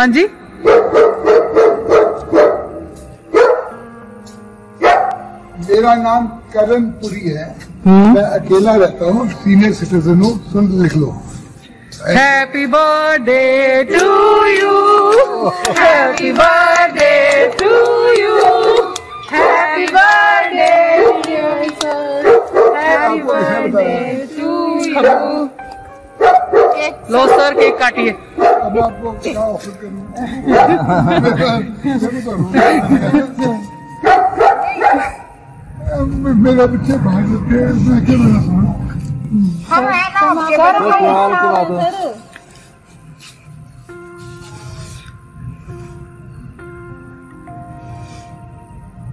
हाँ जी मेरा नाम करण पुरी है हम्म। मैं अकेला रहता हूँ सीनियर सिटीजन हूँ सुन लिख लो happy birthday to you happy birthday to you happy birthday happy birthday to you लो सर केक काटिए मेरा हैं मैं क्या हम ना आपके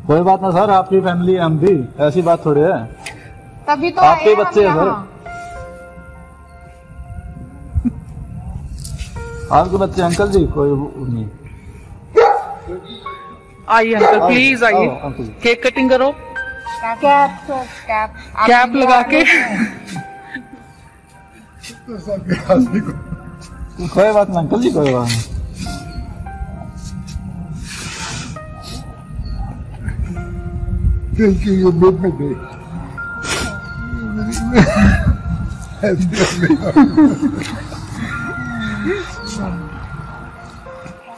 कोई बात ना सर आपकी फैमिली हम भी ऐसी बात थोड़ी है तभी तो आपके बच्चे हैं सर आपके बच्चे अंकल जी कोई नहीं आइए अंकल प्लीज आइए केक कटिंग करो कैप कैप कैप लगा के कोई बात नहीं अंकल जी कोई बात नहीं Thank you, you made my day. Happy birthday. song.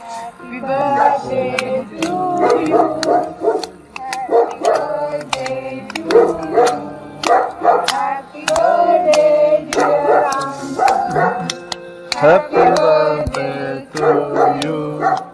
Happy birthday to you. Happy birthday to you. Happy birthday, dear Happy birthday to you.